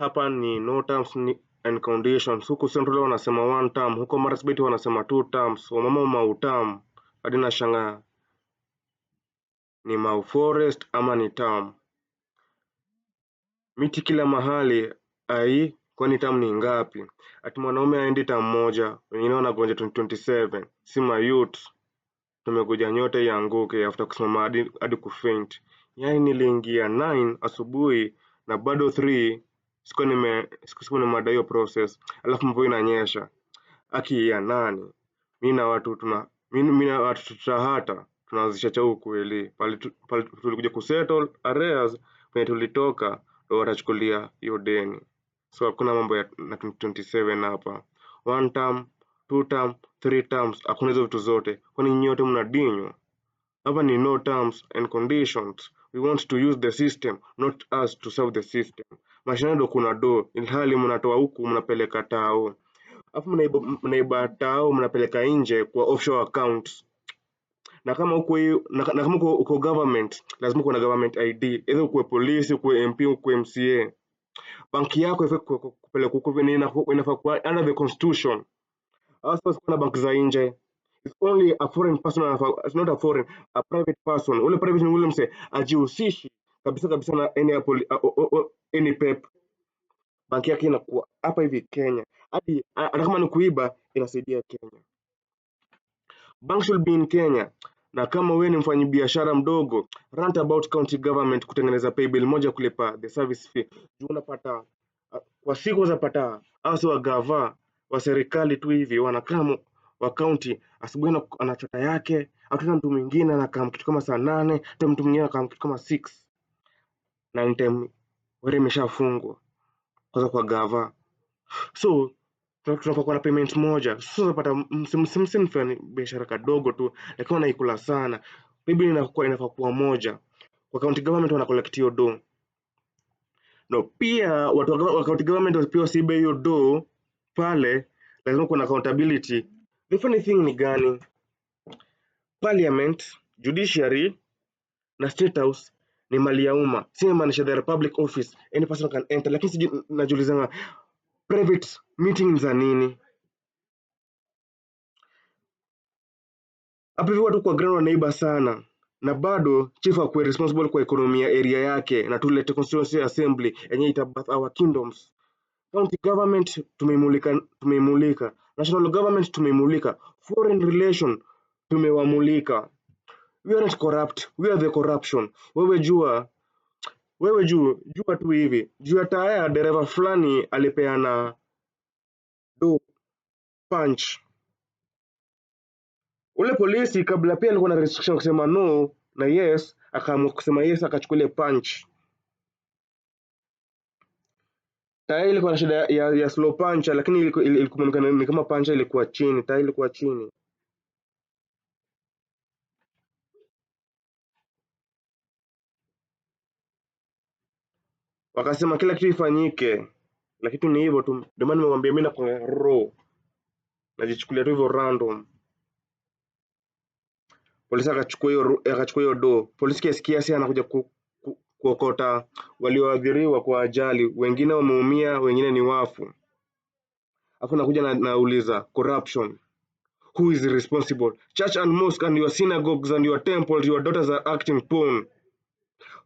hapa ni no terms and conditions. Huku Central wanasema one term, huko Marsabit wanasema two terms, wamama mautamu hadi na shangaa ni mau forest ama ni term. Miti kila mahali ai, kwani term ni ngapi? Ati mwanaume aendi term moja, wengine wanagonja 27 sima youth tumekuja nyote ianguke after kusimama hadi kufaint. Yani niliingia 9 asubuhi na bado siku nime siku siku nimada hiyo process, alafu mvua inanyesha. Aki ya nani? Mimi na watu tuna mimi na watu tutahata tunaanzisha cha ukweli pale pale tulikuja ku settle areas kwenye tulitoka, ndio watachukulia hiyo deni. So hakuna mambo ya na 27 hapa, one term, two term, three terms, hakuna hizo vitu zote, kwani nyote mnadinywa hapa. Ni no terms and conditions, we want to use the system, not us to serve the system ndo kuna do ilhali mnatoa huku mnapeleka tao alafu mnaiba, mnaiba tao mnapeleka nje kwa offshore account na kama uko na, na kama uko, uko government lazima uko na government ID either uko polisi uko MP uko MCA banki yako kupeleka huko inafaa kwa under the constitution hasa kuna banki za nje It's only a foreign person, it's not a foreign, a private person. Ule private ni ule mse ajihusishi kabisa kabisa na any Apple, any Pep, banki yake inakuwa hapa hivi Kenya, hadi hata kama ni kuiba inasaidia Kenya. Bank should be in Kenya. Na kama wewe ni mfanyibiashara mdogo, rant about county government kutengeneza paybill moja kulipa the service fee. Juu unapata kwa siku unapata asi wa gava wa serikali tu hivi wanakaa wa county, asubuhi anachota yake, hatuna mtu mwingine anakaa kitu kama saa nane, hata mtu mwingine anakaa kitu kama 6 nine time wari imeshafungwa kwanza kwa gava so tunakuwa na payment moja sasa unapata msimsimu fulani biashara kadogo tu lakini wanaikula sana maybe inakuwa inafaa kuwa moja kwa county government wana collect hiyo do no pia watu wa county government pia wasiibe hiyo do pale lazima kuna accountability the funny thing ni gani parliament judiciary na state house ni mali ya umma, si maanisha the public office any person can enter. Lakini sijui najiulizanga private meeting za nini hapa hivi? Watu kwa ground wanaiba sana, na bado chief akuwe responsible kwa ekonomi ya area yake, na tulete constituency assembly yenye ita bath our kingdoms. County government tumeimulika, tumeimulika national government tumeimulika, foreign relation tumewamulika we are not corrupt, we are the corruption. Wewe jua wewe juu jua tu hivi, jua taya dereva fulani alipeana do punch. Ule polisi kabla pia alikuwa na restriction kusema no na yes, akaamua kusema yes, akachukua ile punch. Taya ilikuwa na shida ya, ya slow punch, lakini ilikuwa ni kama punch ilikuwa chini, taya ilikuwa chini. wakasema kila kitu ifanyike, na kitu ni hivyo tu. Ndio maana nimemwambia mimi nakwanga raw, najichukulia tu hivyo random. Polisi akachukua hiyo akachukua hiyo do. Polisi kesikia sasa anakuja ku, ku, kuokota walioathiriwa kwa ajali, wengine wameumia, wengine ni wafu. Afu nakuja na, nauliza corruption who is responsible church and mosque and your synagogues and your temples your daughters are acting pawn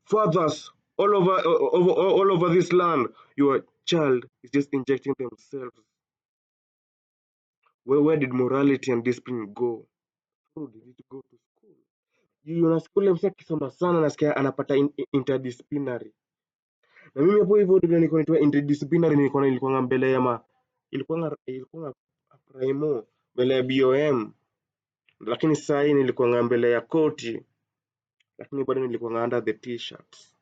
fathers all over, uh, over all all over this land your child is just injecting themselves where, where did morality and discipline go who did it go to school you unasikia ule msee akisoma sana nasikia anapata in, interdisciplinary na mimi hapo hivyo ndio nilikuwa nitoa interdisciplinary nilikuwa nilikuwa mbele ya ma ilikuwa ilikuwa primo mbele ya BOM lakini sasa hii nilikuwa mbele ya koti lakini bado nilikuwa under the t-shirts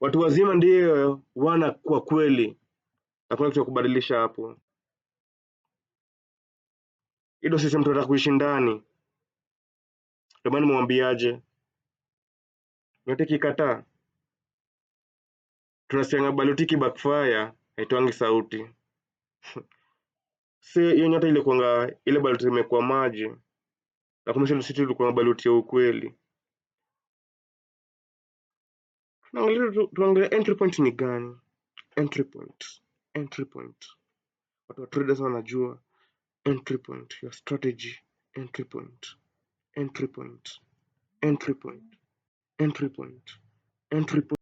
Watu wazima ndiyo uh, wana kwa kweli, hakuna kitu cha kubadilisha hapo. ido system tunataka kuishi ndani, ndio maana mwambiaje, yote kikataa tunasianga balutiki backfire haitwangi sauti se hiyo nyota ilikuanga ile baloti imekuwa maji na kumbe sisi tulikuwa baloti ya ukweli na tuangalia entry point ni gani? Entry point, entry point, watu wa traders wanajua entry point, your strategy, entry point, entry point, entry point, entry point, entry point.